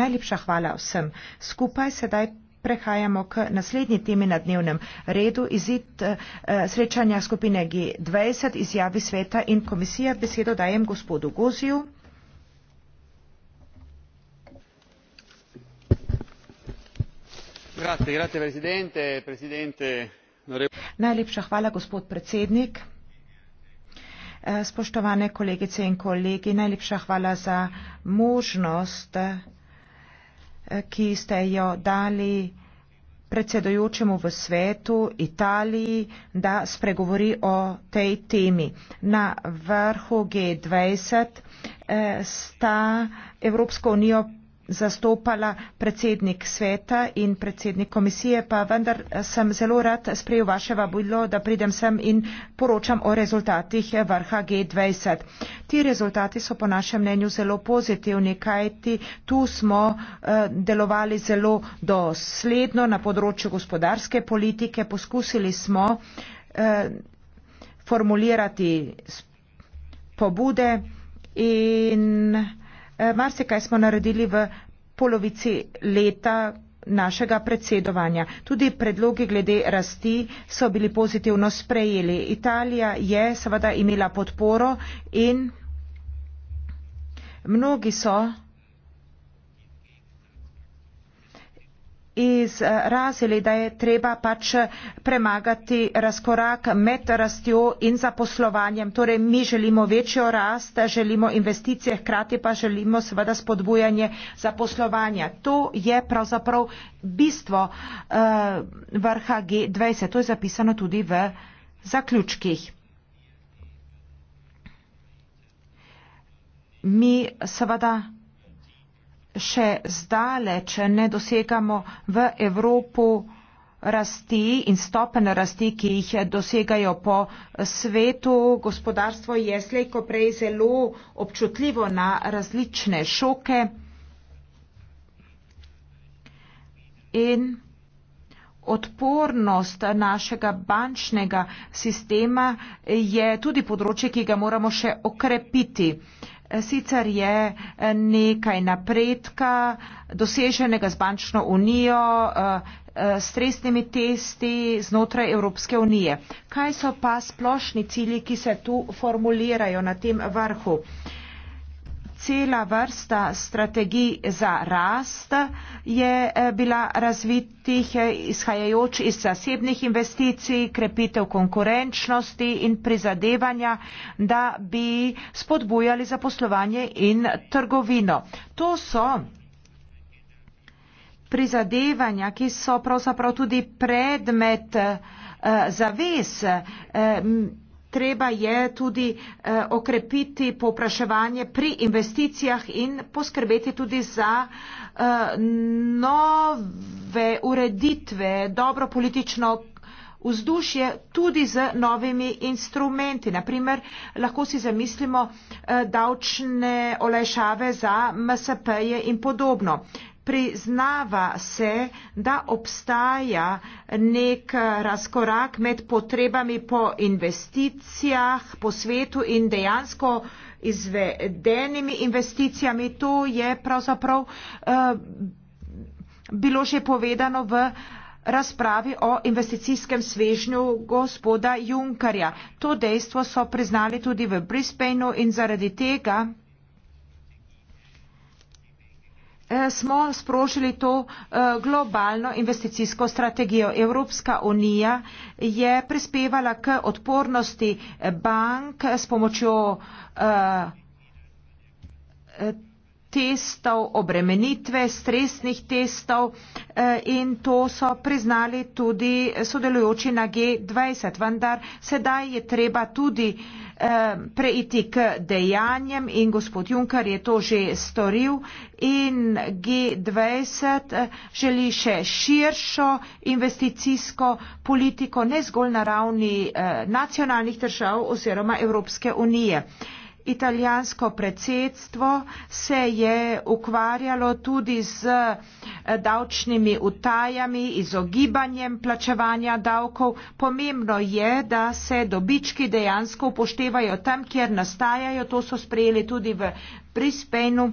Najlepša hvala vsem. Skupaj sedaj prehajamo k naslednji temi na dnevnem redu. Izid eh, srečanja skupine G20, izjavi sveta in komisija. Besedo dajem gospodu Goziju. Grazie, grazie presidente, presidente. Najlepša hvala, gospod predsednik. Eh, spoštovane kolegice in kolegi, najlepša hvala za možnost ki ste jo dali predsedojočemu v svetu Italiji, da spregovori o tej temi. Na vrhu G20 eh, sta Evropsko unijo zastopala predsednik sveta in predsednik komisije, pa vendar sem zelo rad sprejel vaše vabilo, da pridem sem in poročam o rezultatih vrha G20. Ti rezultati so po našem mnenju zelo pozitivni, kajti tu smo eh, delovali zelo dosledno na področju gospodarske politike, poskusili smo eh, formulirati pobude in Eh, marsikaj smo naredili v polovici leta našega predsedovanja. Tudi predlogi glede rasti so bili pozitivno sprejeli. Italija je seveda imela podporo in mnogi so izrazili eh, da je treba pač premagati razkorak med rastjo in zaposlovanjem torej mi želimo večjo rast želimo investicije hkrati pa želimo seveda spodbujanje zaposlovanja to je pravzaprav bistvo uh, vrha G20 to je zapisano tudi v zaključkih mi seveda še zdaleč ne dosegamo v Evropo rasti in stopen rasti, ki jih dosegajo po svetu. Gospodarstvo je slejko prej zelo občutljivo na različne šoke in odpornost našega bančnega sistema je tudi področje, ki ga moramo še okrepiti. Sicer je eh, nekaj napredka doseženega z bančno unijo, eh, eh, stresnimi testi znotraj Evropske unije. Kaj so pa splošni cilji, ki se tu formulirajo na tem vrhu? cela vrsta strategij za rast je eh, bila razvitih eh, izhajajoč iz zasebnih investicij, krepitev konkurenčnosti in prizadevanja, da bi spodbujali zaposlovanje in trgovino. To so prizadevanja, ki so pravzaprav tudi predmet eh, zaves treba je tudi eh, okrepiti popraševanje pri investicijah in poskrbeti tudi za eh, nove ureditve, dobro politično vzdušje tudi z novimi instrumenti. Naprimer, lahko si zamislimo eh, davčne olajšave za MSP-je in podobno. Eh, priznava se, da obstaja nek razkorak med potrebami po investicijah, po svetu in dejansko izvedenimi investicijami. To je pravzaprav uh, bilo že povedano v razpravi o investicijskem svežnju gospoda Junkarja. To dejstvo so priznali tudi v Brisbaneu in zaradi tega Eh, smo sprožili to eh, globalno investicijsko strategijo. Evropska unija je prispevala k odpornosti eh, bank s pomočjo testov, obremenitve, stresnih testov in to so priznali tudi sodelujoči na G20. Vendar sedaj je treba tudi Eh, preiti k dejanjem in gospod Junker je to že storil in G20 eh, želi še širšo investicijsko politiko, ne zgolj na ravni eh, nacionalnih držav oziroma Evropske unije italijansko predsedstvo se je ukvarjalo tudi z eh, davčnimi utajami, izogibanjem plačevanja davkov. Pomembno je, da se dobički dejansko upoštevajo tam, kjer nastajajo. To so sprejeli tudi v Brisbaneu.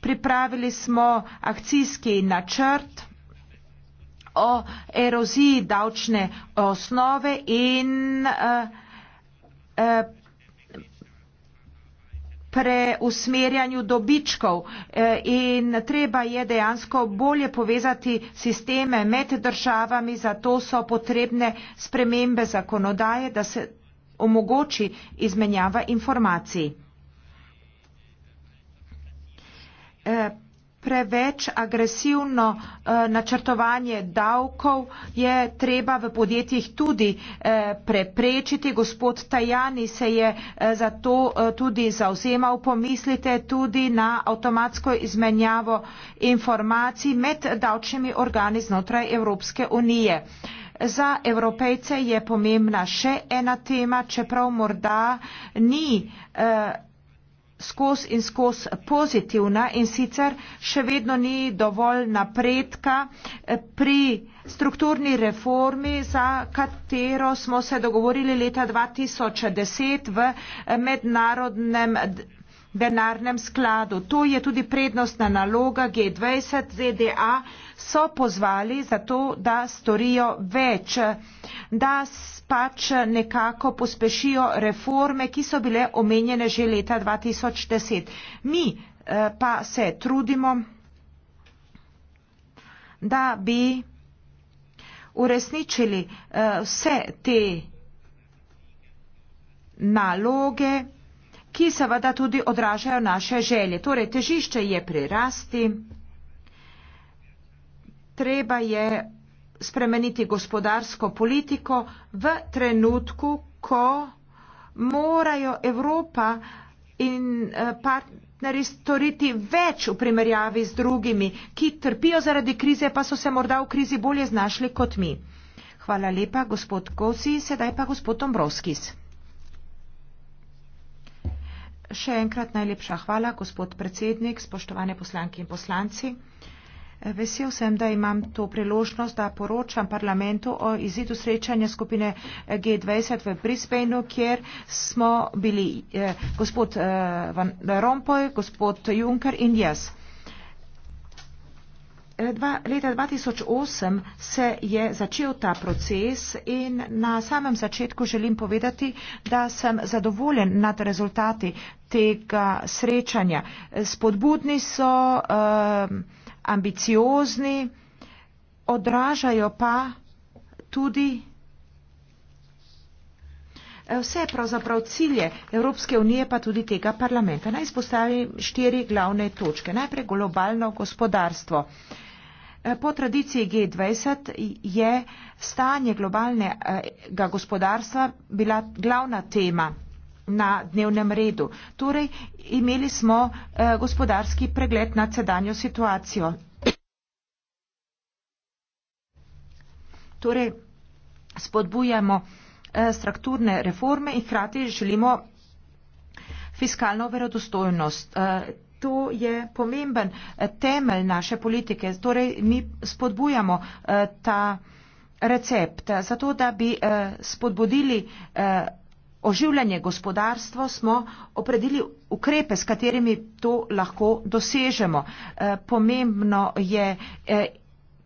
Pripravili smo akcijski načrt o eroziji davčne osnove in uh, uh, preusmerjanju dobičkov e, in treba je dejansko bolje povezati sisteme med državami, zato so potrebne spremembe zakonodaje, da se omogoči izmenjava informacij. E, preveč agresivno eh, načrtovanje davkov je treba v podjetjih tudi eh, preprečiti. Gospod Tajani se je eh, za to tudi zauzemal. Pomislite tudi na avtomatsko izmenjavo informacij med davčnimi organi znotraj Evropske unije. Za evropejce je pomembna še ena tema, čeprav morda ni skozi in skozi pozitivna in sicer še vedno ni dovolj napredka eh, pri strukturni reformi, za katero smo se dogovorili leta 2010 v eh, mednarodnem denarnem skladu. To je tudi prednostna naloga G20, ZDA so pozvali za to, da storijo več, da pač nekako pospešijo reforme, ki so bile omenjene že leta 2010. Mi eh, pa se trudimo, da bi uresničili eh, vse te naloge, ki seveda tudi odražajo naše želje. Torej, težišče je prirasti, treba je spremeniti gospodarsko politiko v trenutku, ko morajo Evropa in eh, partnerji storiti več v primerjavi z drugimi, ki trpijo zaradi krize, pa so se morda v krizi bolje znašli kot mi. Hvala lepa, gospod Kosi, sedaj pa gospod Tombrovskis. Še enkrat najlepša hvala, gospod predsednik, spoštovane poslanke in poslanci. Vesel sem, da imam to priložnost, da poročam parlamentu o izidu srečanja skupine eh, G20 v Brisbaneu, kjer smo bili eh, gospod eh, Van Rompuy, gospod Juncker in jaz. Eh, dva, leta 2008 se je začel ta proces in na samem začetku želim povedati, da sem zadovoljen nad rezultati tega srečanja. Spodbudni so. Eh, ambiciozni, odražajo pa tudi eh, vse pravzaprav cilje Evropske unije, pa tudi tega parlamenta. Naj izpostavim štiri glavne točke. Najprej globalno gospodarstvo. Eh, po tradiciji G20 je stanje globalnega gospodarstva bila glavna tema na dnevnem redu. Torej, imeli smo eh, gospodarski pregled nad sedanjo situacijo. Torej, spodbujamo eh, strukturne reforme in hkrati želimo fiskalno verodostojnost. Eh, To je pomemben eh, temelj naše politike. Torej, mi spodbujamo eh, ta recept zato, da bi eh, spodbudili oživljanje gospodarstva smo opredelili ukrepe, s katerimi to lahko dosežemo. Eh, pomembno je eh,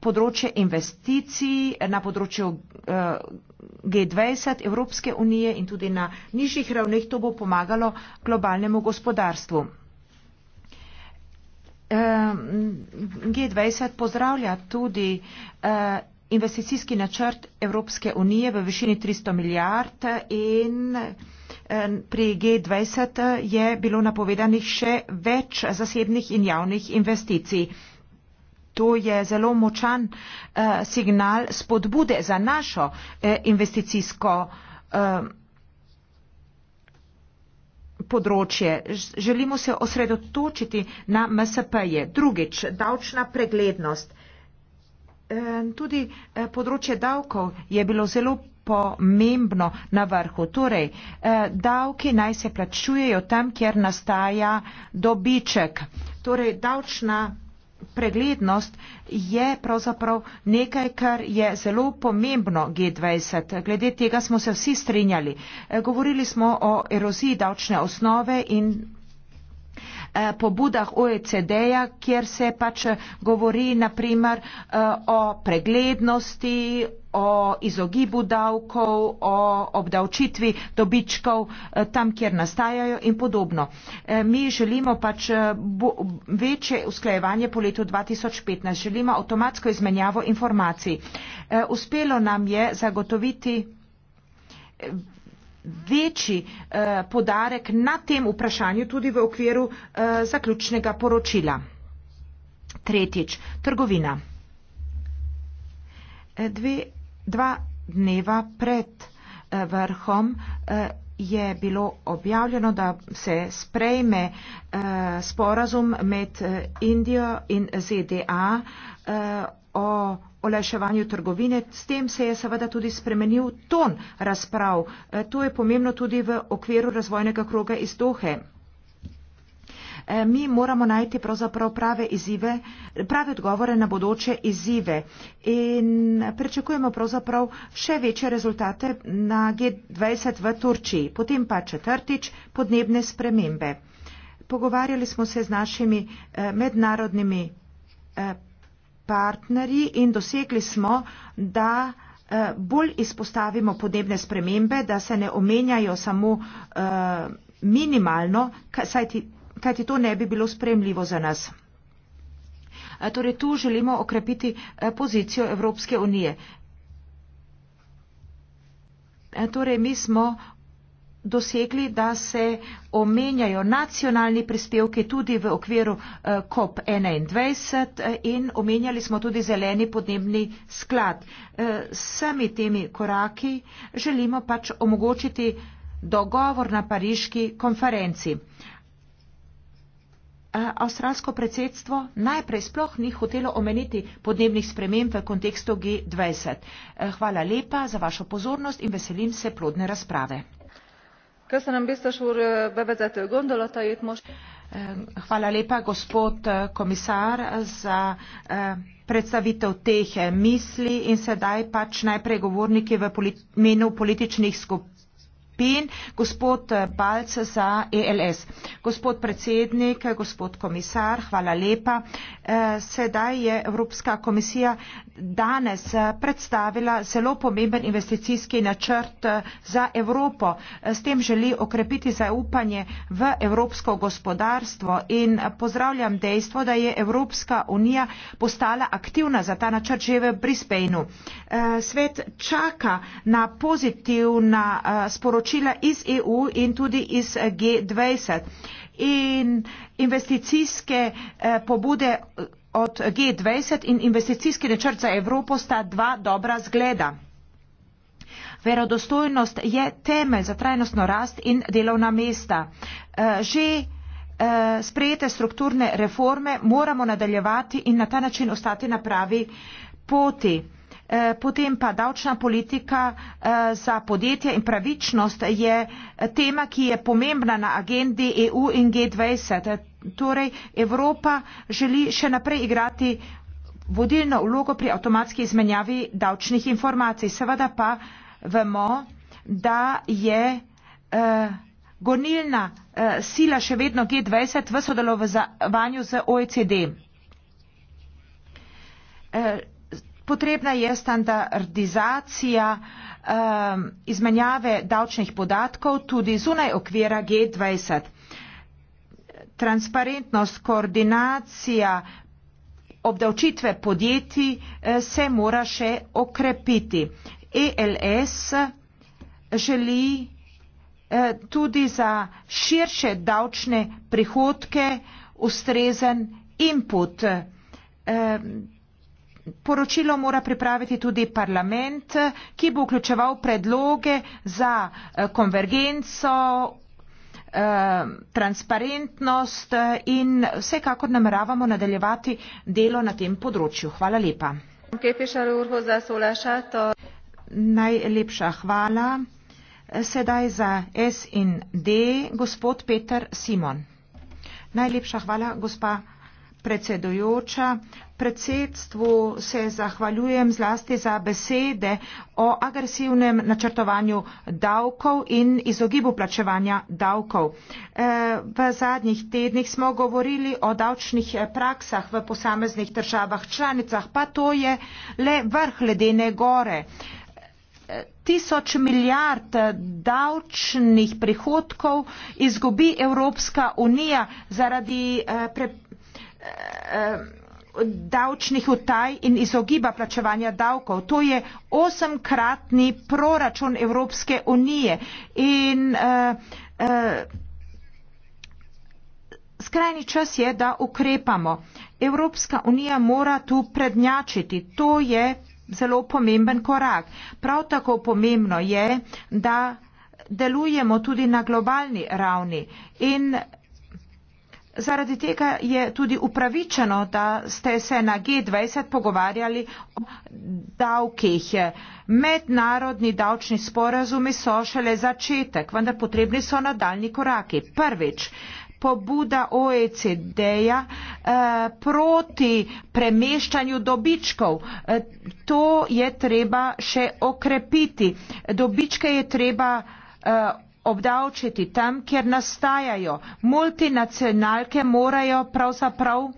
področje investicij na področju eh, G20 Evropske unije in tudi na nižjih ravneh to bo pomagalo globalnemu gospodarstvu. G20 pozdravlja tudi investicijski načrt Evropske unije v višini 300 milijard in eh, pri G20 je bilo napovedanih še več zasebnih in javnih investicij. To je zelo močan eh, signal spodbude za našo eh, investicijsko področje. Želimo se osredotočiti na MSP-je. Drugič, davčna preglednost tudi eh, področje davkov je bilo zelo pomembno na vrhu. Torej, eh, davki naj se plačujejo tam, kjer nastaja dobiček. Torej, davčna preglednost je pravzaprav nekaj, kar je zelo pomembno G20. Glede tega smo se vsi strinjali. Eh, govorili smo o eroziji davčne osnove in Eh, pobudah OECD-ja, kjer se pač govori naprimer eh, o preglednosti, o izogibu davkov, o obdavčitvi dobičkov eh, tam, kjer nastajajo in podobno. Mi želimo pač večje usklajevanje po letu 2015, želimo avtomatsko izmenjavo informacij. Uspelo nam je zagotoviti večji eh, podarek na tem vprašanju tudi v okviru eh, zaključnega poročila. Tretjič, trgovina. Eh, dve, dva dneva pred eh, vrhom eh, je bilo objavljeno, da se sprejme eh, sporazum med eh, Indijo in ZDA. Eh, o olajševanju trgovine, s tem se je seveda tudi spremenil ton razprav. E, to je pomembno tudi v okviru razvojnega kroga iz Dohe. E, mi moramo najti pravzaprav prave izzive, prave odgovore na bodoče izzive in prečakujemo pravzaprav še večje rezultate na G20 v Turčiji. Potem pa četrtič podnebne spremembe. Pogovarjali smo se z našimi e, mednarodnimi partnerji in dosegli smo, da eh, bolj izpostavimo podnebne spremembe, da se ne omenjajo samo eh, minimalno, kajti to ne bi bilo spremljivo za nas. Eh, torej tu želimo okrepiti pozicijo Evropske unije. Torej mi smo dosegli, da se omenjajo nacionalni prispevki tudi v okviru eh, COP21 eh, in omenjali smo tudi zeleni podnebni sklad. Eh, s vsemi temi koraki želimo pač omogočiti dogovor na pariški konferenci. Avstralsko predsedstvo najprej sploh ni hotelo omeniti podnebnih sprememb v kontekstu G20. Hvala lepa za vašo pozornost in veselim se plodne razprave hvala lepa gospod komisar za predstavitev teh e, misli in sedaj pač najprej govorniki v imenu političnih skupin imate besedo skupin, gospod eh, Balc za ELS. Gospod predsednik, eh, gospod komisar, hvala lepa. Eh, sedaj je Evropska komisija danes predstavila zelo pomemben investicijski načrt za Evropo. S tem želi okrepiti zaupanje v evropsko gospodarstvo in pozdravljam dejstvo, da je Evropska unija postala aktivna za ta načrt že v Brisbaneu. Svet čaka na pozitivna sporočila poročila iz EU in tudi iz eh, G20. In investicijske eh, pobude eh, od G20 in investicijski načrt za Evropo sta dva dobra zgleda. Verodostojnost je temelj za trajnostno rast in delovna mesta. Že sprejete strukturne reforme moramo nadaljevati in na ta način ostati na pravi poti. Eh, potem pa davčna politika eh, za podjetja in pravičnost je tema, ki je pomembna na agendi EU in G20. Eh, torej, Evropa želi še naprej igrati vodilno vlogo pri avtomatski izmenjavi davčnih informacij. Seveda pa vemo, da je eh, gonilna eh, sila še vedno G20 v sodelovanju z OECD. Eh, Potrebna je standardizacija um, izmenjave davčnih podatkov tudi zunaj okvira G20. Transparentnost, koordinacija obdavčitve podjetij eh, se mora še okrepiti. ELS želi eh, tudi za širše davčne prihodke ustrezen input. Ehm, Poročilo mora pripraviti tudi parlament, ki bo vključeval predloge za eh, konvergenco, eh, transparentnost eh, in vsekakor nameravamo nadaljevati delo na tem področju. Hvala lepa. Najlepša hvala. Sedaj za SND gospod Peter Simon. Najlepša hvala, gospa predsedujoča. Predsedstvu se zahvaljujem zlasti za besede o agresivnem načrtovanju davkov in izogibu plačevanja davkov. Eh, v zadnjih tednih smo govorili o davčnih eh, praksah v posameznih državah članicah, pa to je le vrh ledene gore. Eh, tisoč milijard davčnih prihodkov izgubi Evropska unija zaradi pre Eh, davčnih utaj in izogiba plačevanja davkov. To je osemkratni proračun Evropske unije in uh, uh, skrajni čas je, da ukrepamo. Evropska unija mora tu prednjačiti. To je zelo pomemben korak. Prav tako pomembno je, da delujemo tudi na globalni ravni in Zaradi tega je tudi upravičeno, da ste se na G20 pogovarjali o davkih. Mednarodni davčni sporazumi so šele začetek, vendar potrebni so nadaljni koraki. Prvič, pobuda OECD-ja eh, proti premeščanju dobičkov. Eh, to je treba še okrepiti. Dobičke je treba. Eh, obdavčiti tam, kjer nastajajo. Multinacionalke morajo pravzaprav uh,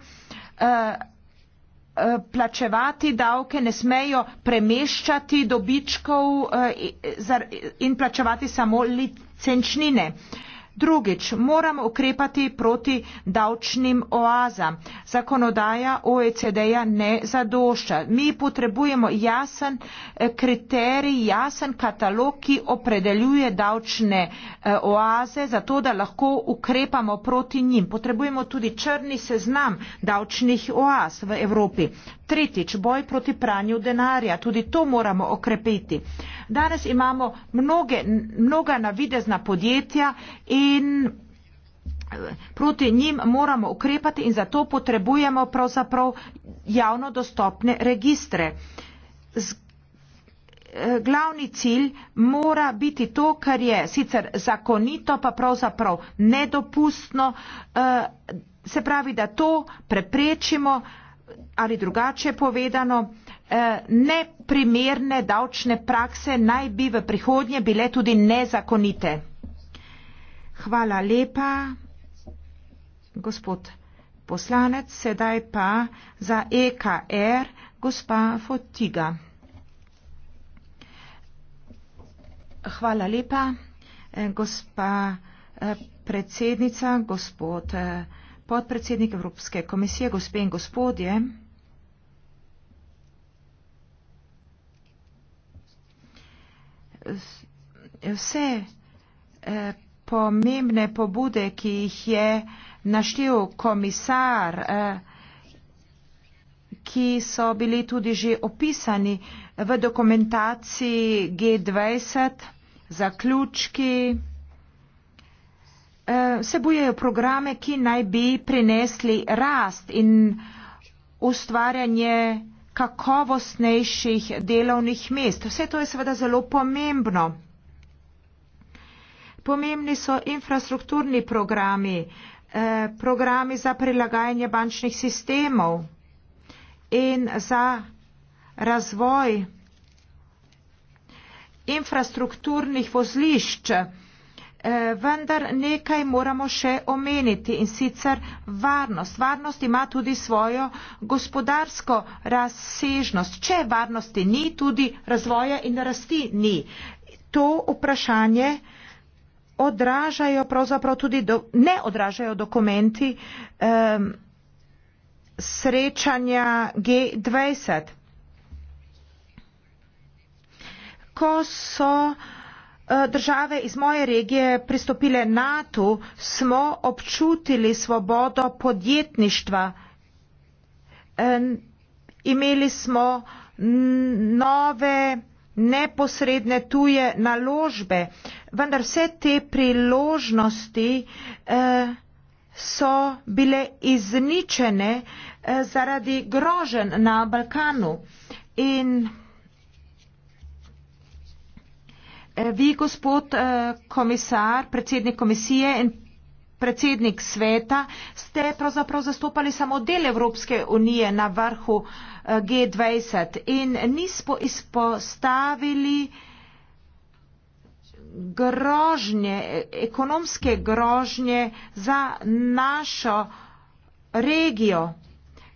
uh, plačevati davke, ne smejo premeščati dobičkov uh, in plačevati samo licenčnine. Uh, Drugič, moram ukrepati proti davčnim oazam. Zakonodaja OECD-ja ne zadošča. Mi potrebujemo jasen eh, kriterij, jasen katalog, ki opredeljuje davčne eh, oaze, zato da lahko ukrepamo proti njim. Potrebujemo tudi črni seznam davčnih oaz v Evropi. Tretjič, boj proti pranju denarja. Tudi to moramo okrepiti. Danes imamo mnoge, mnoga navidezna podjetja in eh, proti njim moramo ukrepati in zato potrebujemo pravzaprav javno dostopne registre. Z eh, Glavni cilj mora biti to, kar je sicer zakonito, pa pravzaprav nedopustno, eh, se pravi, da to preprečimo, ali drugače povedano, eh, neprimerne davčne prakse naj bi v prihodnje bile tudi nezakonite. Hvala lepa, gospod poslanec, sedaj pa za EKR gospa Fotiga. Hvala lepa, eh, gospa eh, predsednica, gospod podpredsednik Evropske komisije, gospe in gospodje. Vse eh, pomembne pobude, ki jih je naštel komisar, eh, ki so bili tudi že opisani v dokumentaciji G20, zaključki, Eh, vsebujejo programe, ki naj bi prinesli rast in ustvarjanje kakovostnejših delovnih mest. Vse to je seveda zelo pomembno. Pomembni so infrastrukturni programi, eh, programi za prilagajanje bančnih sistemov in za razvoj infrastrukturnih vozlišč. Eh, vendar nekaj moramo še omeniti in sicer varnost. Varnost ima tudi svojo gospodarsko razsežnost. Če varnosti ni, tudi razvoja in rasti ni. To vprašanje odražajo pravzaprav tudi, do, ne odražajo dokumenti um, srečanja G20. Ko so uh, Eh, države iz moje regije pristopile NATO, smo občutili svobodo podjetništva. Imeli smo nove neposredne tuje naložbe, vendar vse te priložnosti eh, so bile izničene eh, zaradi grožen na Balkanu. In Eh, vi, gospod eh, komisar, predsednik komisije in predsednik sveta, ste pravzaprav zastopali samo del Evropske unije na vrhu eh, G20 in nismo izpostavili grožnje, ekonomske grožnje za našo regijo.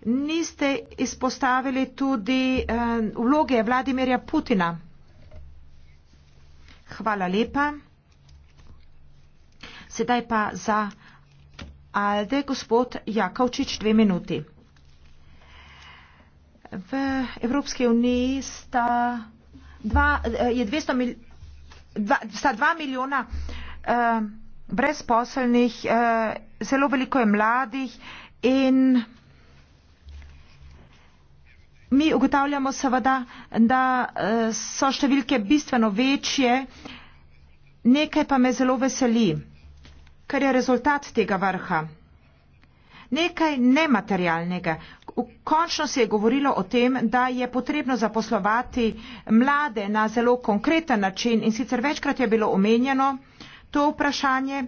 Niste izpostavili tudi vloge Vladimirja Putina. Hvala lepa. Sedaj pa za Alde, gospod Jakovčič, dve minuti. V Evropski uniji sta, dva, 200 eh, mil, dva, sta dva milijona eh, brezposelnih, eh, zelo veliko je mladih in Mi ugotavljamo seveda, da eh, so številke bistveno večje, nekaj pa me zelo veseli, ker je rezultat tega vrha. Nekaj nematerialnega. Končno se je govorilo o tem, da je potrebno zaposlovati mlade na zelo konkreten način in sicer večkrat je bilo omenjeno to vprašanje,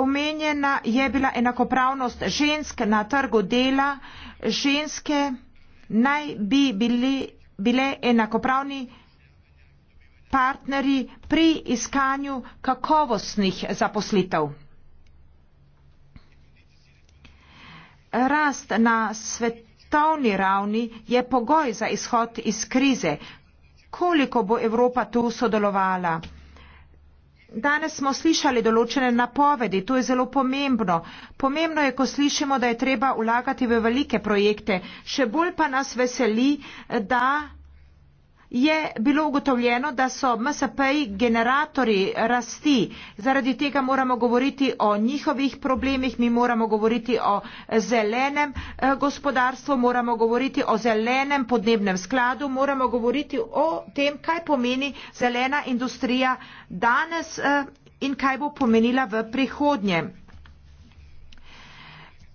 omenjena je bila enakopravnost žensk na trgu dela. Ženske naj bi bili, bile enakopravni partnerji pri iskanju kakovostnih zaposlitev. Rast na svetovni ravni je pogoj za izhod iz krize. Koliko bo Evropa tu sodelovala? Danes smo slišali določene napovedi, to je zelo pomembno. Pomembno je, ko slišimo, da je treba vlagati v velike projekte. Še bolj pa nas veseli, da je bilo ugotovljeno, da so MSP-ji generatori rasti. Zaradi tega moramo govoriti o njihovih problemih, mi moramo govoriti o zelenem eh, gospodarstvu, moramo govoriti o zelenem podnebnem skladu, moramo govoriti o tem, kaj pomeni zelena industrija danes eh, in kaj bo pomenila v prihodnje.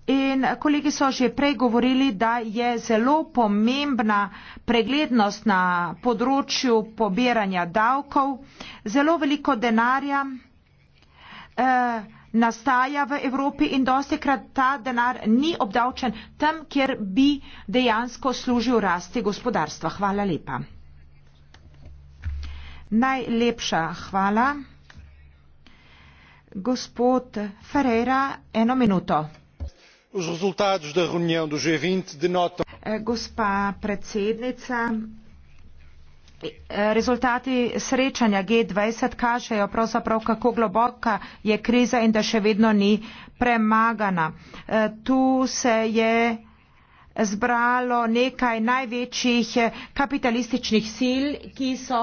In kolegi so že prej govorili, da je zelo pomembna preglednost na področju pobiranja davkov. Zelo veliko denarja eh, nastaja v Evropi in dostikrat ta denar ni obdavčen tam, kjer bi dejansko služil rasti gospodarstva. Hvala lepa. Najlepša hvala. Gospod Ferreira, eno minuto. Os resultados da reunião do G20 denotam. Eh, gospa predsednica, eh, rezultati srečanja G20 kažejo pravzaprav, kako globoka je kriza in da še vedno ni premagana. Eh, tu se je zbralo nekaj največjih kapitalističnih sil, ki so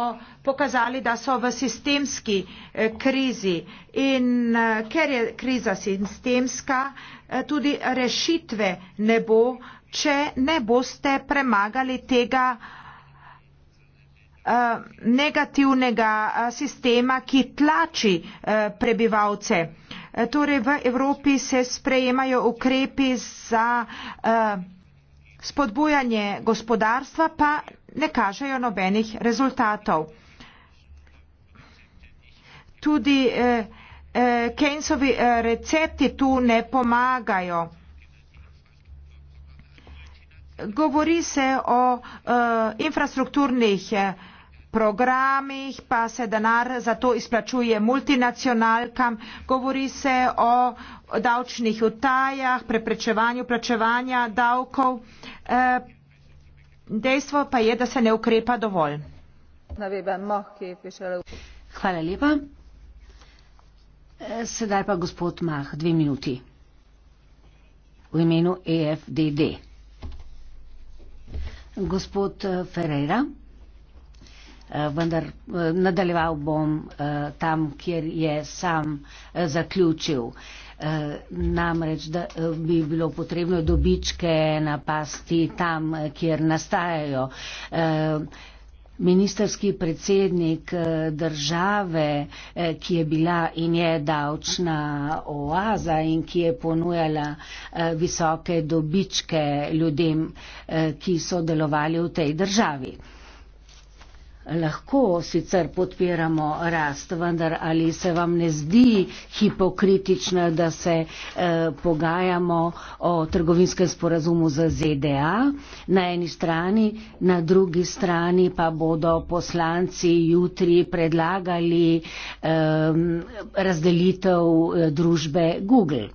pokazali, da so v sistemski eh, krizi. In eh, ker je kriza sistemska, eh, tudi rešitve ne bo, če ne boste premagali tega negativnega sistema, ki tlači prebivalce. Torej v Evropi se sprejemajo ukrepi za uh, spodbujanje gospodarstva pa ne kažejo nobenih rezultatov. Tudi eh, eh, Keynesovi eh, recepti tu ne pomagajo. Govori se o eh, infrastrukturnih eh, programih pa se denar za to izplačuje multinacionalkam, govori se o davčnih utajah, preprečevanju plačevanja davkov. E, dejstvo pa je, da se ne ukrepa dovolj. Hvala lepa. E, sedaj pa gospod Mah, dve minuti. V imenu EFDD. Gospod e, Ferreira. Eh, vendar eh, nadaljeval bom eh, tam, kjer je sam zaključil. Namreč, da bi bilo potrebno dobičke napasti tam, kjer nastajajo. Ministerski predsednik države, ki je bila in je davčna oaza in ki je ponujala visoke dobičke ljudem, ki so delovali v tej državi lahko sicer podpiramo rast, vendar ali se vam ne zdi hipokritično, da se eh, pogajamo o trgovinskem sporazumu z ZDA na eni strani, na drugi strani pa bodo poslanci jutri predlagali eh, razdelitev eh, družbe Google.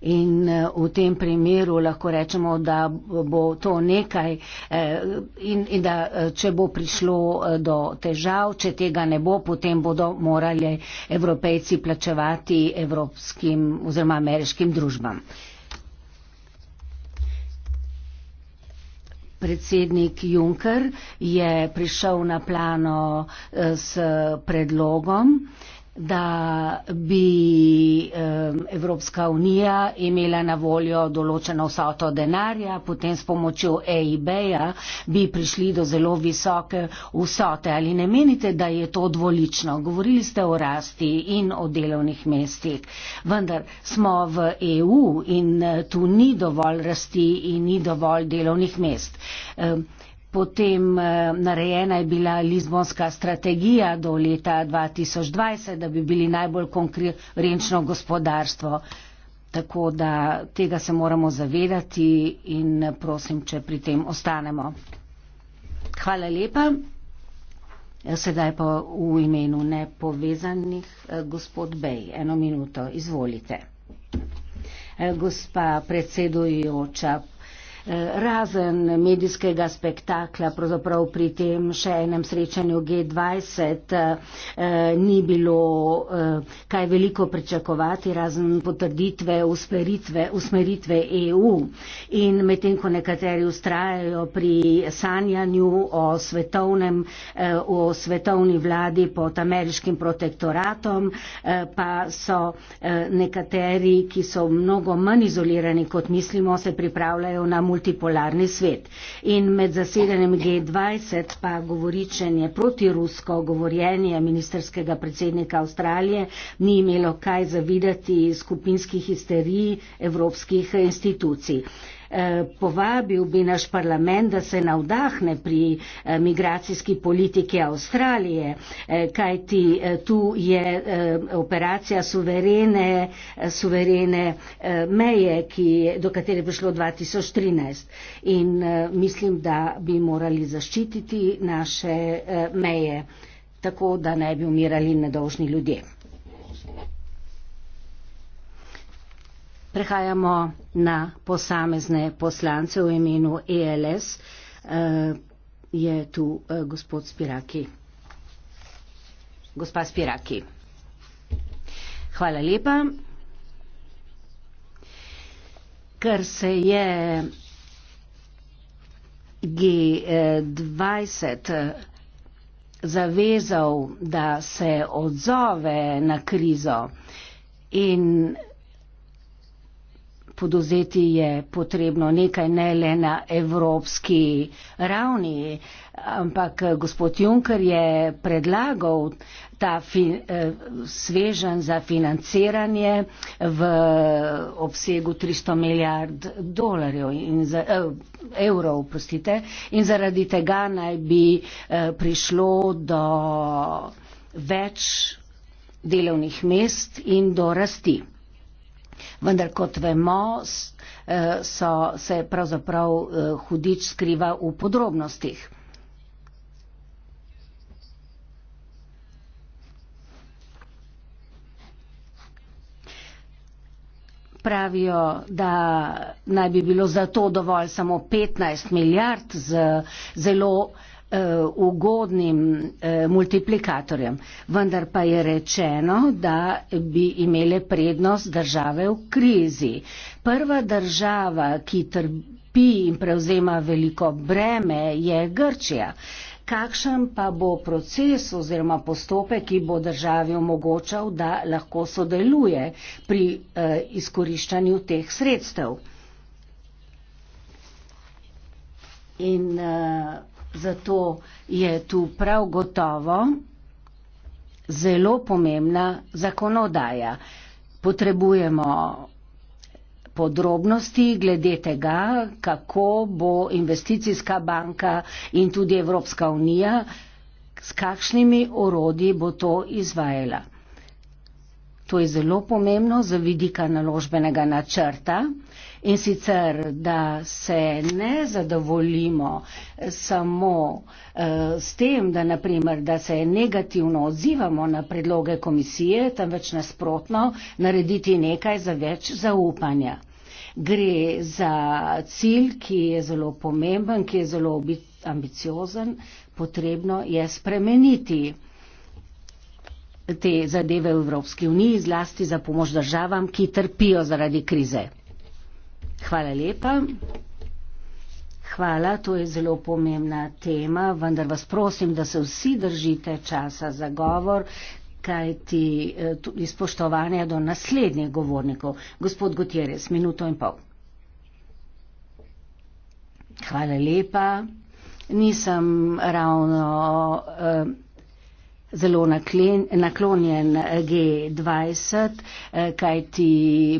In eh, v tem primeru lahko rečemo, da bo to nekaj eh, in, in da eh, če bo prišlo do težav, če tega ne bo, potem bodo morali evropejci plačevati evropskim oziroma ameriškim družbam. Predsednik Juncker je prišel na plano s predlogom, da bi Evropska unija imela na voljo določeno vsoto denarja, potem s pomočjo EIB-ja bi prišli do zelo visoke vsote. Ali ne menite, da je to dvolično? Govorili ste o rasti in o delovnih mestih, vendar smo v EU in tu ni dovolj rasti in ni dovolj delovnih mest. Uh, Potem eh, narejena je bila Lizbonska strategija do leta 2020, da bi bili najbolj konkurenčno gospodarstvo. Tako da tega se moramo zavedati in eh, prosim, če pri tem ostanemo. Hvala lepa. Ja, sedaj pa v imenu nepovezanih eh, gospod Bej. Eno minuto, izvolite. Gospa predsedujoča, razen medijskega spektakla, pravzaprav pri tem še enem srečanju G20, eh, ni bilo eh, kaj veliko pričakovati, razen potrditve usmeritve, usmeritve EU. In medtem, ko nekateri ustrajajo pri sanjanju o, svetovnem, eh, o svetovni vladi pod ameriškim protektoratom, pa so nekateri, ki so mnogo manj izolirani, kot mislimo, se pripravljajo na mulj multipolarni svet. In med zasedanjem G20 pa govoričenje proti rusko govorjenje ministerskega predsednika Avstralije ni imelo kaj zavidati skupinski histeriji evropskih institucij. Eh, povabil bi naš parlament, da se navdahne pri eh, migracijski politiki Avstralije, eh, kajti tu je operacija suverene, suverene meje, ki, do katere je prišlo 2013. In mislim, da bi morali zaščititi naše meje, tako da ne bi umirali nedolžni ljudje. Prehajamo na posamezne poslance v imenu ELS. Eh, je tu eh, gospod Spiraki. Gospa Spiraki. Hvala lepa. Ker se je G20 eh, zavezal, da se odzove na krizo in podozeti je potrebno nekaj ne le na evropski ravni, ampak eh, gospod Juncker je predlagal ta fi, eh, svežen za financiranje v eh, obsegu 300 milijard dolarjev in za, eh, evrov, prostite, in zaradi tega naj bi eh, prišlo do več delovnih mest in do rasti. Vendar kot vemo, eh, so, se pravzaprav eh, hudič skriva v podrobnostih. Pravijo, da naj bi bilo za to dovolj samo 15 milijard z zelo uh, uh, ugodnim uh, multiplikatorjem. Vendar pa je rečeno, da bi imele prednost države v krizi. Prva država, ki trpi in prevzema veliko breme, je Grčija. Kakšen pa bo proces oziroma postopek, ki bo državi omogočal, da lahko sodeluje pri uh, izkoriščanju teh sredstev? In uh, Zato je tu prav gotovo zelo pomembna zakonodaja. Potrebujemo podrobnosti glede tega, kako bo investicijska banka in tudi Evropska unija, s kakšnimi orodji bo to izvajala. To je zelo pomembno za vidika naložbenega načrta. In sicer, da se ne zadovoljimo samo eh, s tem, da, naprimer, da se negativno odzivamo na predloge komisije, temveč nasprotno narediti nekaj za več zaupanja. Gre za cilj, ki je zelo pomemben, ki je zelo ambiciozen, potrebno je spremeniti te zadeve v Evropski uniji, zlasti za pomoč državam, ki trpijo zaradi krize. Hvala lepa. Hvala, to je zelo pomembna tema, vendar vas prosim, da se vsi držite časa za govor, kajti eh, tudi spoštovanja do naslednjih govornikov. Gospod Gutierrez, minuto in pol. Hvala lepa. Nisem ravno. Uh, zelo naklen, naklonjen G20, kaj ti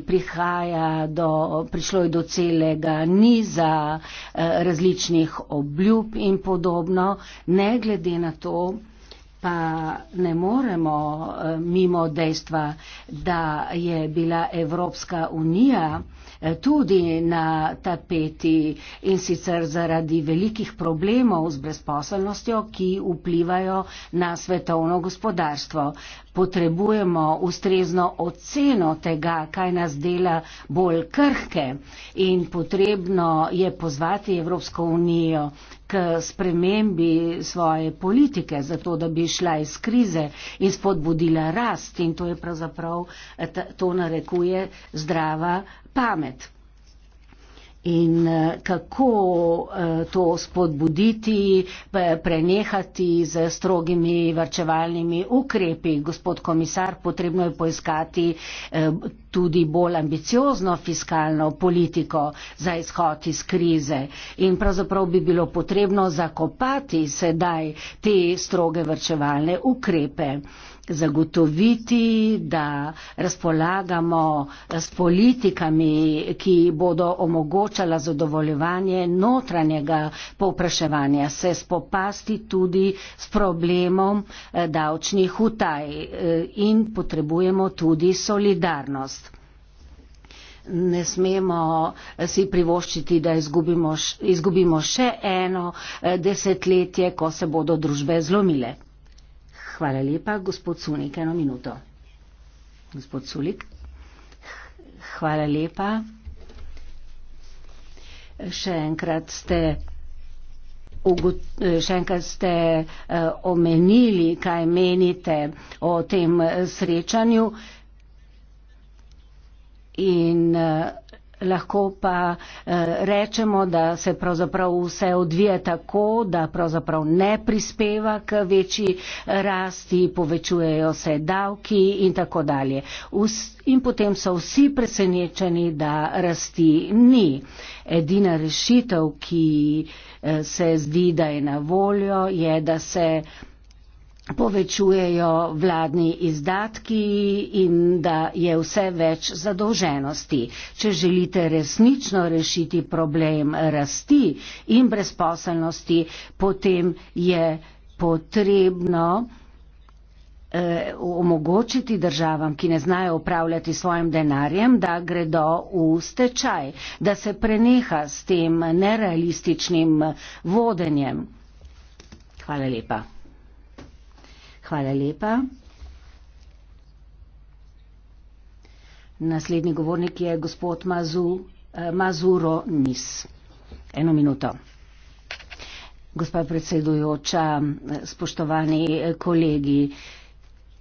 prihaja do, prišlo je do celega niza eh, različnih obljub in podobno, ne glede na to, pa ne moremo eh, mimo dejstva, da je bila Evropska unija Eh, tudi na tapeti in sicer zaradi velikih problemov z brezposelnostjo, ki vplivajo na svetovno gospodarstvo. Potrebujemo ustrezno oceno tega, kaj nas dela bolj krhke in potrebno je pozvati Evropsko unijo k spremembi svoje politike, zato da bi šla iz krize in spodbudila rast in to je pravzaprav, to narekuje zdrava pamet in eh, kako eh, to spodbuditi, prenehati z strogimi varčevalnimi ukrepi. Gospod komisar, potrebno je poiskati eh, tudi bolj ambiciozno fiskalno politiko za izhod iz krize. In pravzaprav bi bilo potrebno zakopati sedaj te stroge varčevalne ukrepe zagotoviti, da razpolagamo s politikami, ki bodo omogočala zadovoljevanje notranjega povpraševanja, se spopasti tudi s problemom eh, davčnih utaj eh, in potrebujemo tudi solidarnost. Ne smemo eh, si privoščiti, da izgubimo, izgubimo še eno desetletje, ko se bodo družbe zlomile. Hvala lepa, gospod Sunik, eno minuto. Gospod Sulik. Hvala lepa. Še enkrat ste, še enkrat ste uh, omenili, kaj menite o tem srečanju. In, uh, Lahko pa eh, rečemo, da se pravzaprav vse odvija tako, da pravzaprav ne prispeva k večji rasti, povečujejo se davki in tako dalje. Vs in potem so vsi presenečeni, da rasti ni. Edina rešitev, ki eh, se zdi, da je na voljo, je, da se povečujejo vladni izdatki in da je vse več zadolženosti. Če želite resnično rešiti problem rasti in brezposelnosti, potem je potrebno eh, omogočiti državam, ki ne znajo upravljati svojim denarjem, da gredo v stečaj, da se preneha s tem nerealističnim vodenjem. Hvala lepa. Hvala lepa. Naslednji govornik je gospod Mazu, eh, Mazuro Nis. Eno minuto. Gospa predsedujoča, eh, spoštovani eh, kolegi. Eh,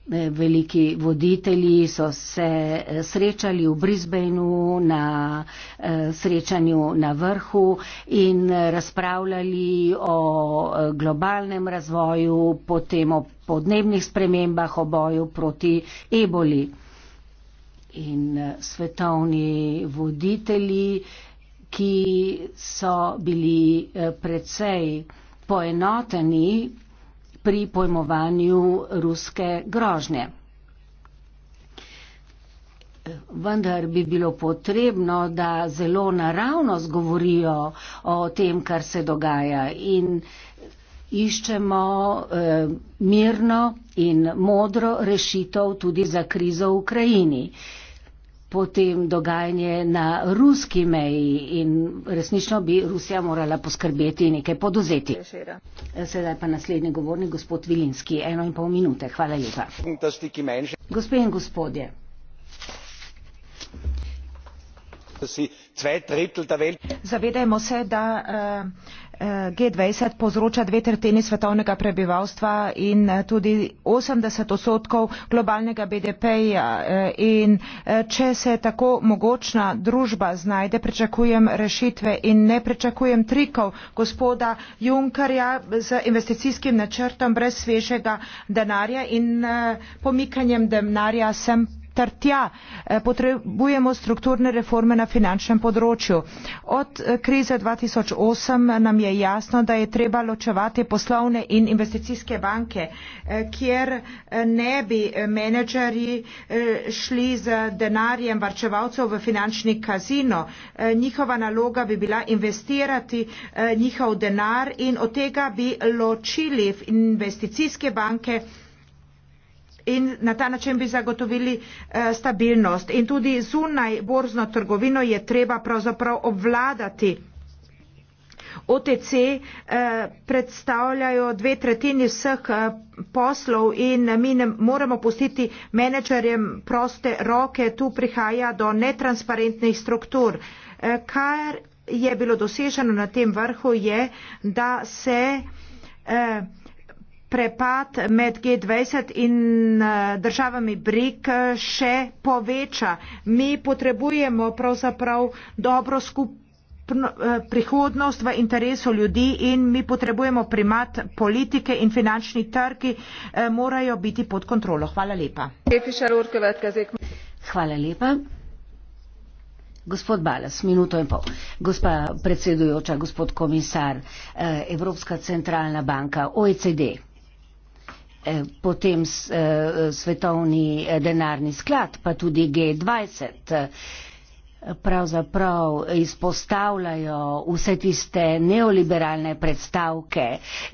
Veliki voditelji so se eh, srečali v Brisbaneu na eh, srečanju na vrhu in razpravljali o eh, globalnem razvoju, potem o podnebnih spremembah, o boju proti eboli. In svetovni voditelji, ki so bili precej poenoteni pri pojmovanju ruske grožnje. Vendar bi bilo potrebno, da zelo naravno zgovorijo o tem, kar se dogaja in iščemo eh, mirno in modro rešitev tudi za krizo v Ukrajini. Eh, potem dogajanje na ruski meji in resnično bi Rusija morala poskrbeti in nekaj poduzeti. Sedaj pa naslednji govornik, gospod Vilinski, eno in pol minute. Hvala lepa. Gospe in gospodje. Zavedajmo se, da uh, G20 povzroča dve tretjini svetovnega prebivalstva in eh, tudi 80 odstotkov globalnega BDP-ja. Eh, in eh, če se tako mogočna družba znajde, pričakujem rešitve in ne pričakujem trikov gospoda Junkarja z investicijskim načrtom brez svežega denarja in pomikanjem denarja sem ter tja eh, potrebujemo strukturne reforme na finančnem področju. Od eh, krize 2008 eh, nam je jasno, da je treba ločevati poslovne in investicijske banke, kjer ne bi menedžeri šli z denarjem varčevalcev v finančni kazino. Njihova naloga bi bila investirati njihov denar in od tega bi ločili investicijske banke in na ta način bi zagotovili eh, stabilnost. In tudi zunaj borzno trgovino je treba pravzaprav obvladati. OTC eh, predstavljajo dve tretjini vseh eh, poslov in mi ne moremo pustiti menedžerjem proste roke. Tu prihaja do netransparentnih struktur. Kar je bilo doseženo na tem vrhu je, da se eh, prepad med G20 in eh, državami BRIK še poveča. Mi potrebujemo pravzaprav dobro skupno eh, prihodnost v interesu ljudi in mi potrebujemo primat politike in finančni trgi eh, morajo biti pod kontrolo. Hvala lepa. Hvala lepa. Gospod Balas, minuto in pol. Gospa predsedujoča, gospod komisar, Evropska centralna banka, OECD, Eh, potem eh, svetovni eh, denarni sklad, pa tudi G20 pravzaprav izpostavljajo vse tiste neoliberalne predstavke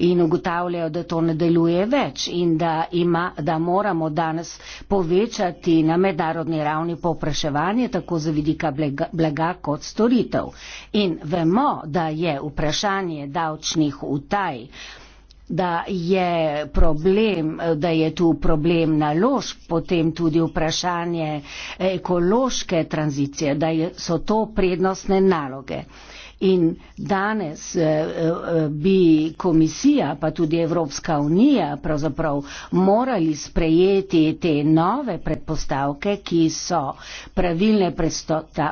in ugotavljajo, da to ne deluje več in da, ima, da moramo danes povečati na mednarodni ravni popraševanje tako za vidika blega, blega kot storitev. In vemo, da je vprašanje davčnih utaj da je problem, da je tu problem naložb, potem tudi vprašanje ekološke tranzicije, da so to prednostne naloge. Uh, In danes eh, eh, bi komisija, pa tudi Evropska unija, pravzaprav morali sprejeti te nove predpostavke, ki so pravilne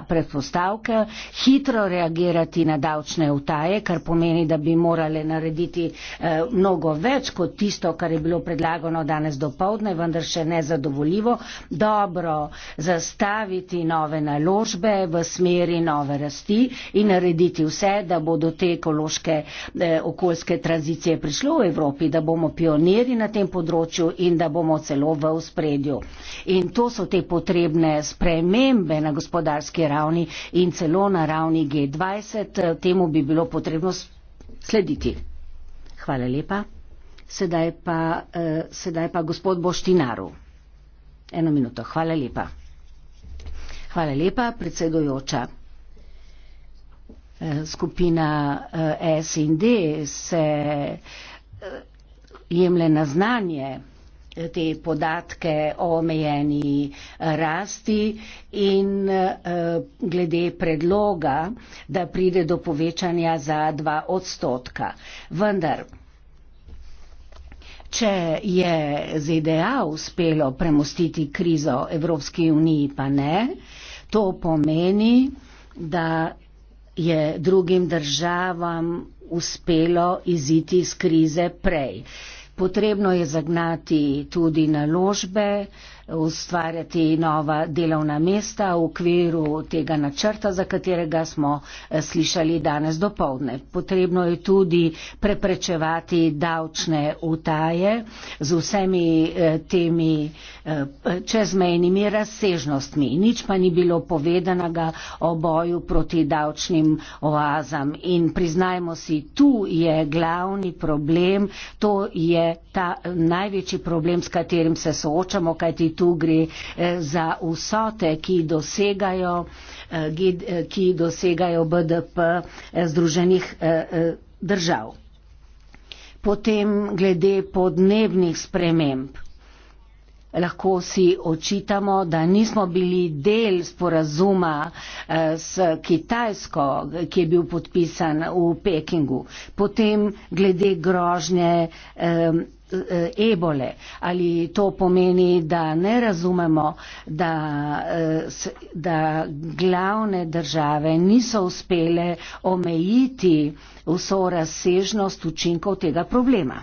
predpostavke, hitro reagirati na davčne utaje, kar pomeni, da bi morali narediti eh, mnogo več kot tisto, kar je bilo predlagano danes do povdne, vendar še nezadovoljivo, dobro zastaviti nove naložbe v smeri nove rasti in narediti narediti vse, da bo do te ekološke eh, okoljske tranzicije prišlo v Evropi, da bomo pioniri na tem področju in da bomo celo v spredju. In to so te potrebne spremembe na gospodarski ravni in celo na ravni G20. Eh, temu bi bilo potrebno slediti. Hvala lepa. Sedaj pa, eh, sedaj pa gospod Boštinaru. Eno minuto. Hvala lepa. Hvala lepa, predsedujoča skupina eh, S in D se eh, jemlje na znanje eh, te podatke o omejeni rasti in glede predloga, da pride do povečanja za dva odstotka. Vendar, če je ZDA uspelo premostiti krizo Evropske unije, pa ne, to pomeni, da je drugim državam uspelo iziti iz krize prej. Potrebno je zagnati tudi naložbe, ustvarjati nova delovna mesta v okviru tega načrta, za katerega smo eh, slišali danes do povdne. Potrebno je tudi preprečevati davčne utaje z vsemi eh, temi eh, čezmejnimi razsežnostmi. Nič pa ni bilo povedanega o boju proti davčnim oazam. In priznajmo si, tu je glavni problem, to je ta največji problem, s katerim se soočamo, kajti tu gre eh, za vsote, ki dosegajo, eh, eh, ki dosegajo BDP združenih držav. Potem glede podnebnih sprememb. Lahko si očitamo, da nismo bili del sporazuma s Kitajsko, ki je bil podpisan v Pekingu. Potem glede grožnje Eh, ebole, ali to pomeni, da ne razumemo, da, eh, da glavne države niso uspele omejiti vso razsežnost učinkov tega problema.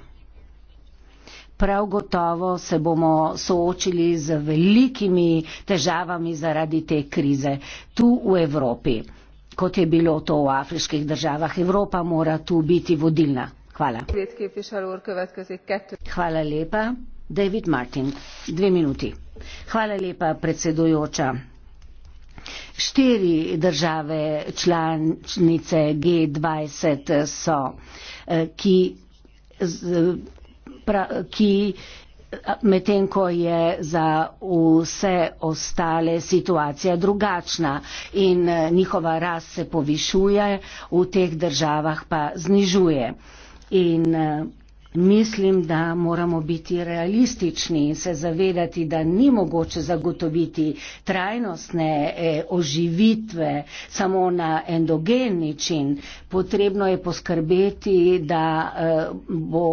Prav gotovo se bomo soočili z velikimi težavami zaradi te krize tu v Evropi, kot je bilo to v afriških državah. Evropa mora tu biti vodilna. Hvala. Hvala lepa. David Martin, dve minuti. Hvala lepa, predsedujoča. Štiri države članice G20 so, eh, ki, ki eh, medtem ko je za vse ostale situacija drugačna in eh, njihova rast se povišuje, v teh državah pa znižuje. In eh, mislim, da moramo biti realistični in se zavedati, da ni mogoče zagotoviti trajnostne eh, oživitve samo na endogen način. Potrebno je poskrbeti, da eh, bo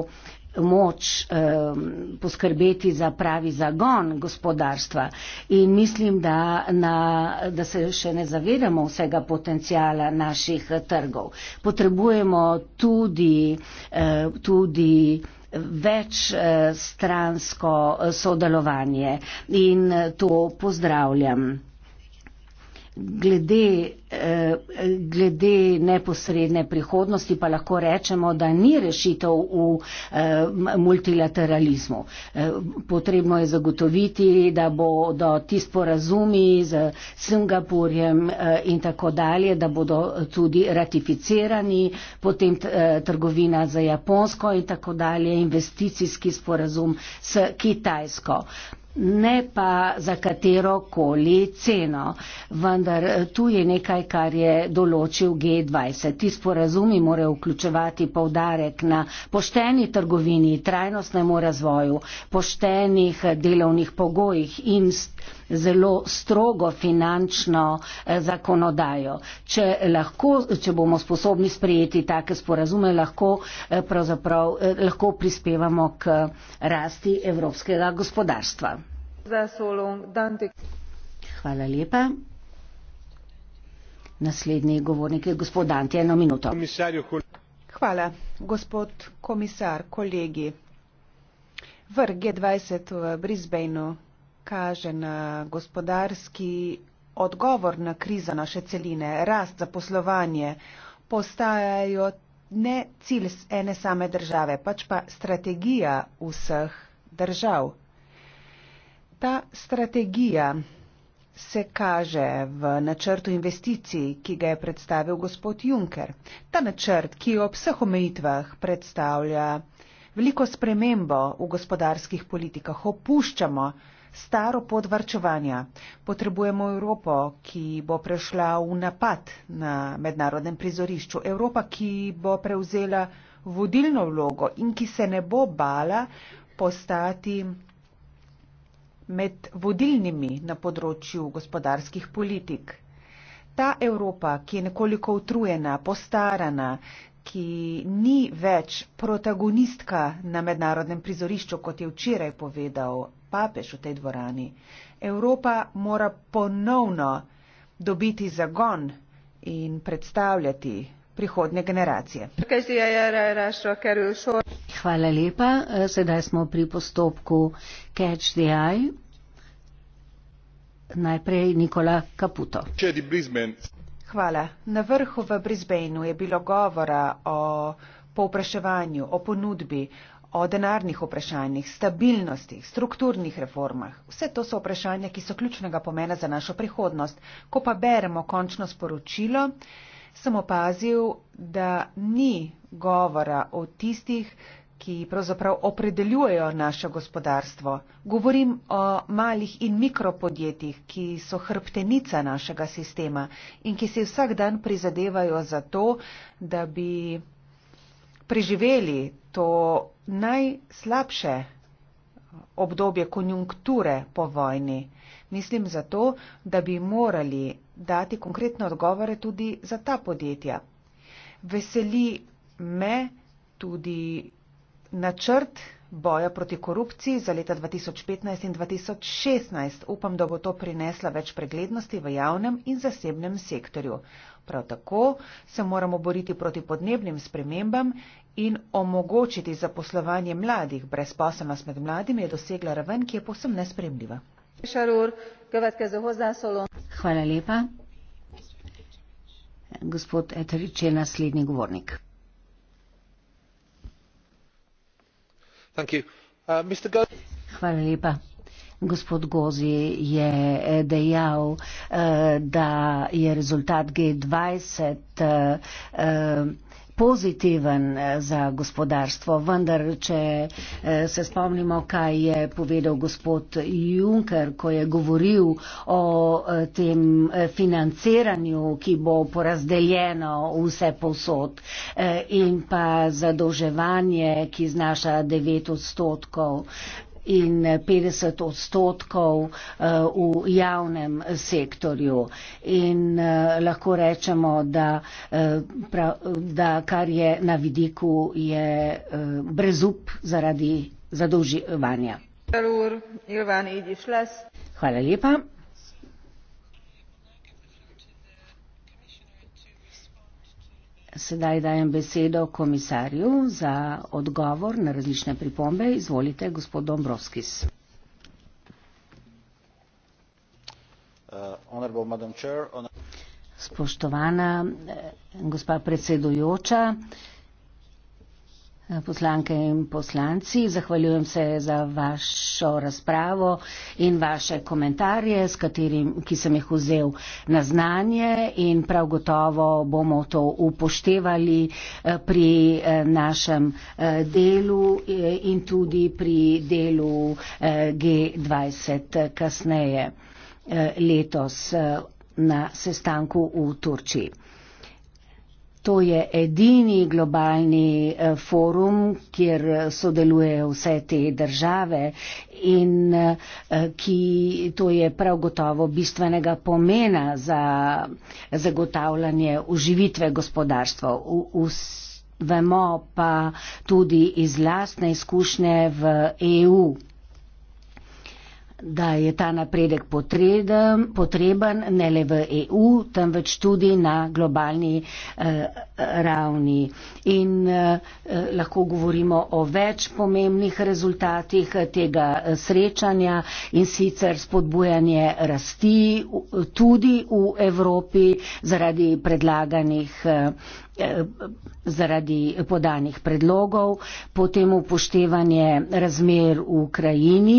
moč um, poskrbeti za pravi zagon gospodarstva. In mislim, da, na, da se še ne zavedamo vsega potencijala naših eh, trgov. Potrebujemo tudi, uh, tudi več uh, stransko sodelovanje in to pozdravljam glede, eh, glede neposredne prihodnosti pa lahko rečemo, da ni rešitev v eh, multilateralizmu. Eh, potrebno je zagotoviti, da bodo ti sporazumi z Singapurjem in tako dalje, da bodo tudi ratificirani, potem trgovina za Japonsko in tako dalje, investicijski sporazum s Kitajsko ne pa za katero koli ceno. Vendar eh, tu je nekaj, kar je določil G20. Ti sporazumi morajo vključevati povdarek na pošteni trgovini, trajnostnemu razvoju, poštenih eh, delovnih pogojih in zelo strogo finančno eh, zakonodajo. Če, lahko, če bomo sposobni sprejeti take sporazume, lahko, lahko prispevamo k rasti evropskega gospodarstva. Hvala lepa. Naslednji govornik je gospod Dante, eno minuto. Hvala, gospod komisar, kolegi. Vrh G20 v Brisbaneu kaže na gospodarski odgovor na krizo naše celine, rast za poslovanje, postajajo ne cilj ene same države, pač pa strategija vseh držav. Ta strategija se kaže v načrtu investicij, ki ga je predstavil gospod Juncker. Ta načrt, ki ob vseh omejitvah predstavlja veliko spremembo v gospodarskih politikah, opuščamo staro podvrčevanja. Potrebujemo Evropo, ki bo prešla v napad na mednarodnem prizorišču. Evropa, ki bo prevzela vodilno vlogo in ki se ne bo bala postati med vodilnimi na področju gospodarskih politik. Ta Evropa, ki je nekoliko utrujena, postarana, ki ni več protagonistka na mednarodnem prizorišču, kot je včeraj povedal papež v tej dvorani, Evropa mora ponovno dobiti zagon in predstavljati prihodne generacije. Hvala lepa. Eh, sedaj smo pri postopku Catch the Eye. Najprej Nikola Caputo. Hvala. Na vrhu v Brisbaneu je bilo govora o povpraševanju, o ponudbi, o denarnih vprašanjih, stabilnosti, strukturnih reformah. Vse to so vprašanja, ki so ključnega pomena za našo prihodnost. Ko pa beremo končno sporočilo, sem opazil, da ni govora o tistih, ki pravzaprav opredeljujejo naše gospodarstvo. Govorim o malih in mikropodjetjih, ki so hrbtenica našega sistema in ki se vsak dan prizadevajo za to, da bi preživeli to najslabše obdobje konjunkture po vojni. Mislim zato, da bi morali dati konkretne odgovore tudi za ta podjetja. Veseli me tudi načrt boja proti korupciji za leta 2015 in 2016. Upam, da bo to prinesla več preglednosti v javnem in zasebnem sektorju. Prav tako se moramo boriti proti podnebnim spremembam in omogočiti zaposlovanje mladih. Brezposelnost med mladimi je dosegla raven, ki je posebno nespremljiva. Hvala lepa. Gospod Eterič je naslednji govornik. Uh, Hvala lepa. Gospod Gozi je eh, dejal, eh, da je rezultat G20 uh, uh, pozitiven eh, za gospodarstvo, vendar če eh, se spomnimo, kaj je povedal gospod Juncker, ko je govoril o eh, tem financiranju, ki bo porazdeljeno vse posod in pa zadolževanje, ki znaša 9 odstotkov in 50 odstotkov eh, v javnem sektorju. In eh, lahko rečemo, da, eh, da kar je na vidiku, je brezup zaradi zadolževanja. Hvala lepa. Sedaj dajem besedo komisarju za odgovor na različne pripombe. Izvolite, gospod Dombrovskis. Uh, Spoštovana eh, gospa predsedujoča, poslanke in poslanci. Zahvaljujem se za vašo razpravo in vaše komentarje, katerim, ki sem jih vzel na znanje in prav gotovo bomo to upoštevali eh, pri eh, našem eh, delu in tudi pri delu G20 kasneje letos na sestanku v Turčiji. To je edini globalni eh, forum, kjer sodelujejo vse te države in eh, ki to je prav gotovo bistvenega pomena za zagotavljanje uživitve gospodarstva. Vemo pa tudi iz lastne izkušnje v EU da je ta napredek potreben, potreben ne le v EU, temveč tudi na globalni eh, ravni. In eh, eh lahko govorimo o več pomembnih rezultatih eh, tega eh, srečanja in sicer spodbujanje rasti tudi v Evropi zaradi predlaganih. Eh, Eh, zaradi podanih predlogov, potem upoštevanje razmer v Ukrajini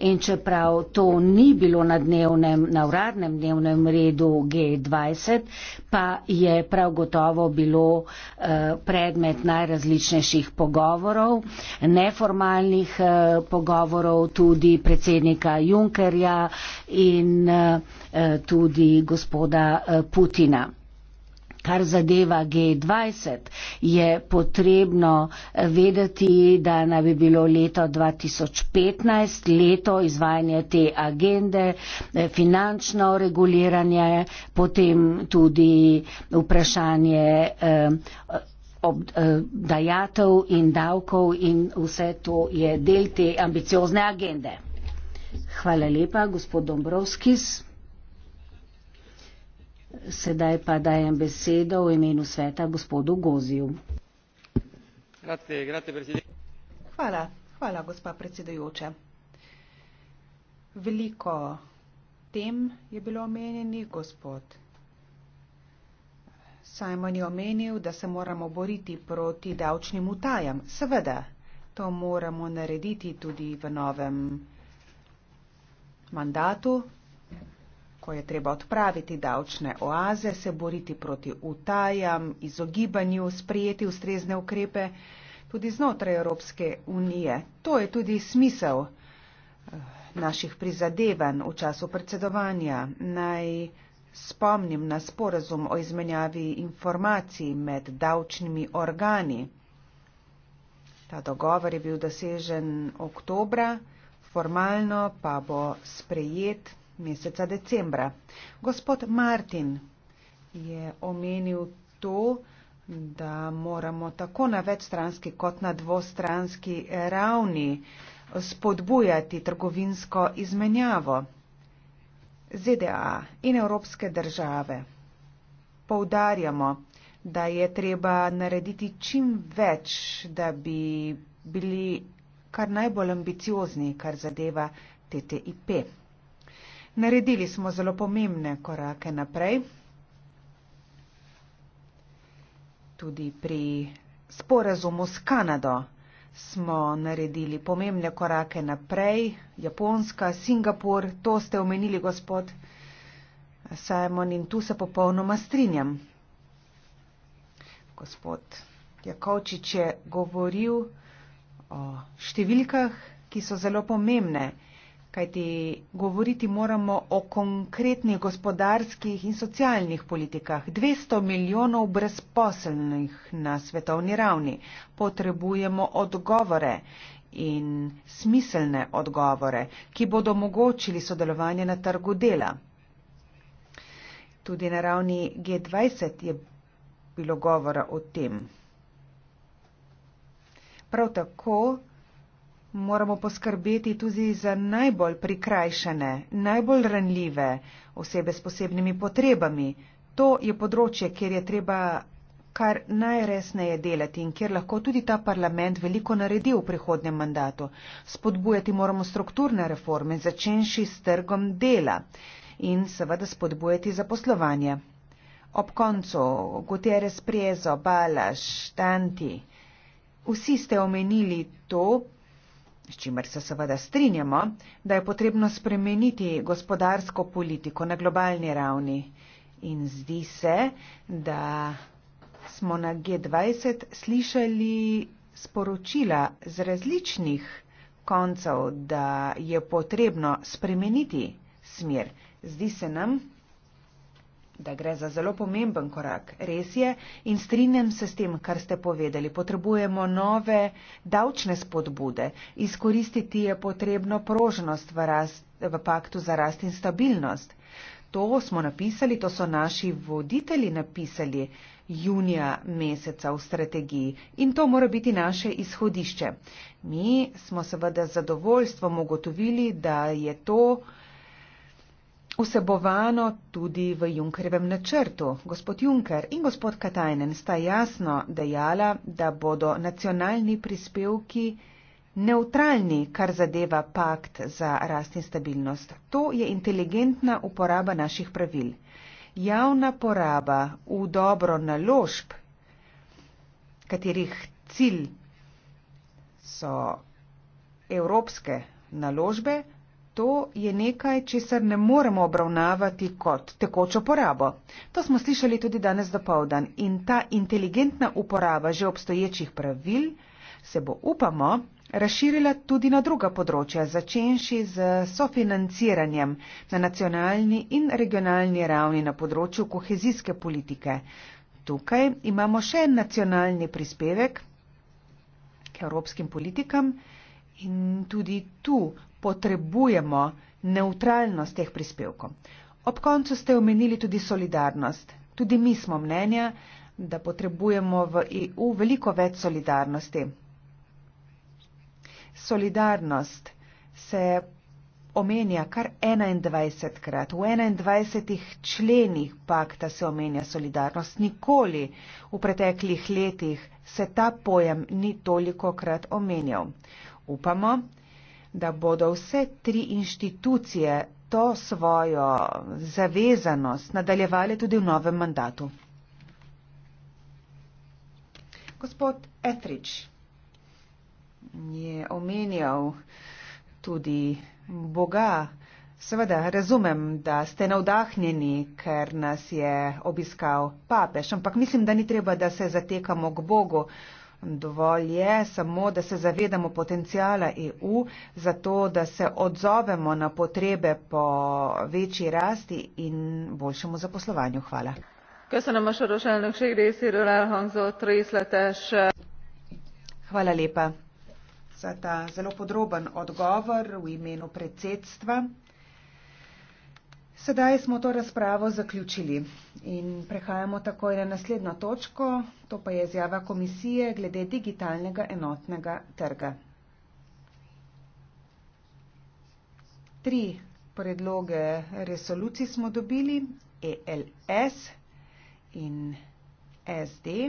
in čeprav to ni bilo na, dnevnem, na uradnem dnevnem redu G20, pa je prav gotovo bilo eh, predmet najrazličnejših pogovorov, neformalnih eh, pogovorov tudi predsednika Junkerja in tudi gospoda Putina. Kar zadeva G20, je potrebno vedeti, da naj bi bilo leto 2015 leto izvajanja te agende, eh, finančno reguliranje, potem tudi vprašanje eh, eh, dajatev in davkov in vse to je del te ambiciozne agende. Hvala lepa, gospod Dombrovskis. Sedaj pa dajem besedo v imenu sveta gospodu Goziju. Hvala, hvala gospa predsedajoče. Veliko tem je bilo omenjeni, gospod Simon je omenil, da se moramo boriti proti davčnim utajam. Seveda, to moramo narediti tudi v novem mandatu, ko je treba odpraviti davčne oaze, se boriti proti utajam, izogibanju, sprejeti ustrezne ukrepe, tudi znotraj Evropske unije. To je tudi smisel eh, naših prizadevanj v času predsedovanja. Naj spomnim na sporazum o izmenjavi informacij med davčnimi organi. Ta dogovor je bil dosežen oktobra, formalno pa bo sprejet meseca decembra. Gospod Martin je omenil to, da moramo tako na večstranski kot na dvostranski ravni spodbujati trgovinsko izmenjavo. ZDA in evropske države poudarjamo, da je treba narediti čim več, da bi bili kar najbolj ambiciozni, kar zadeva TTIP. Naredili smo zelo pomembne korake naprej. Tudi pri sporazumu s Kanado smo naredili pomembne korake naprej. Japonska, Singapur, to ste omenili, gospod Simon, in tu se popolnoma strinjam. Gospod Jakovčič je govoril o številkah, ki so zelo pomembne kajti govoriti moramo o konkretnih gospodarskih in socialnih politikah. 200 milijonov brezposelnih na svetovni ravni. Potrebujemo odgovore in smiselne odgovore, ki bodo omogočili sodelovanje na trgu dela. Tudi na ravni G20 je bilo govora o tem. Prav tako moramo poskrbeti tudi za najbolj prikrajšane, najbolj ranljive osebe s posebnimi potrebami. To je področje, kjer je treba kar najresneje delati in kjer lahko tudi ta parlament veliko naredi v prihodnem mandatu. Spodbujati moramo strukturne reforme, začenši s trgom dela in seveda spodbujati zaposlovanje. Ob koncu, Guterres Priezo, Balaš, Tanti, vsi ste omenili to, s čimer se seveda strinjamo, da je potrebno spremeniti gospodarsko politiko na globalni ravni. In zdi se, da smo na G20 slišali sporočila z različnih koncev, da je potrebno spremeniti smer. Zdi se nam, da gre za zelo pomemben korak. Res je in strinjam se s tem, kar ste povedali. Potrebujemo nove davčne spodbude. Izkoristiti je potrebno prožnost v, rast, v paktu za rast in stabilnost. To smo napisali, to so naši voditelji napisali junija meseca v strategiji in to mora biti naše izhodišče. Mi smo seveda zadovoljstvom ugotovili, da je to vsebovano tudi v Junkerjevem načrtu. Gospod Junker in gospod Katajnen sta jasno dejala, da bodo nacionalni prispevki neutralni, kar zadeva pakt za rast in stabilnost. To je inteligentna uporaba naših pravil. Javna poraba v dobro naložb, katerih cilj so evropske naložbe, to je nekaj, česar ne moremo obravnavati kot tekočo porabo. To smo slišali tudi danes dopovdan in ta inteligentna uporaba že obstoječih pravil se bo, upamo, razširila tudi na druga področja, začenši z sofinanciranjem na nacionalni in regionalni ravni na področju kohezijske politike. Tukaj imamo še en nacionalni prispevek k evropskim politikam. In tudi tu potrebujemo neutralnost teh prispevkov. Ob koncu ste omenili tudi solidarnost. Tudi mi smo mnenja, da potrebujemo v EU veliko več solidarnosti. Solidarnost se omenja kar 21 krat. V 21 členih pakta se omenja solidarnost. Nikoli v preteklih letih se ta pojem ni toliko krat omenjal. Upamo, da bodo vse tri inštitucije to svojo zavezanost nadaljevali tudi v novem mandatu. Gospod Etrič je omenjal tudi Boga. Seveda, razumem, da ste navdahnjeni, ker nas je obiskal papež, ampak mislim, da ni treba, da se zatekamo k Bogu. Uh, Dovolj je samo, da se zavedamo potencijala EU, zato da se odzovemo na potrebe po večji rasti in boljšemu zaposlovanju. Hvala. Köszönöm a soros elnökség részéről elhangzott részletes. Eh, Hvala lépa. Za ta zelo podroben odgovor v imenu predsedstva. Sedaj smo to razpravo zaključili in prehajamo takoj na naslednjo točko, to pa je izjava komisije glede digitalnega enotnega trga. Tri predloge resolucij smo dobili, ELS in SD.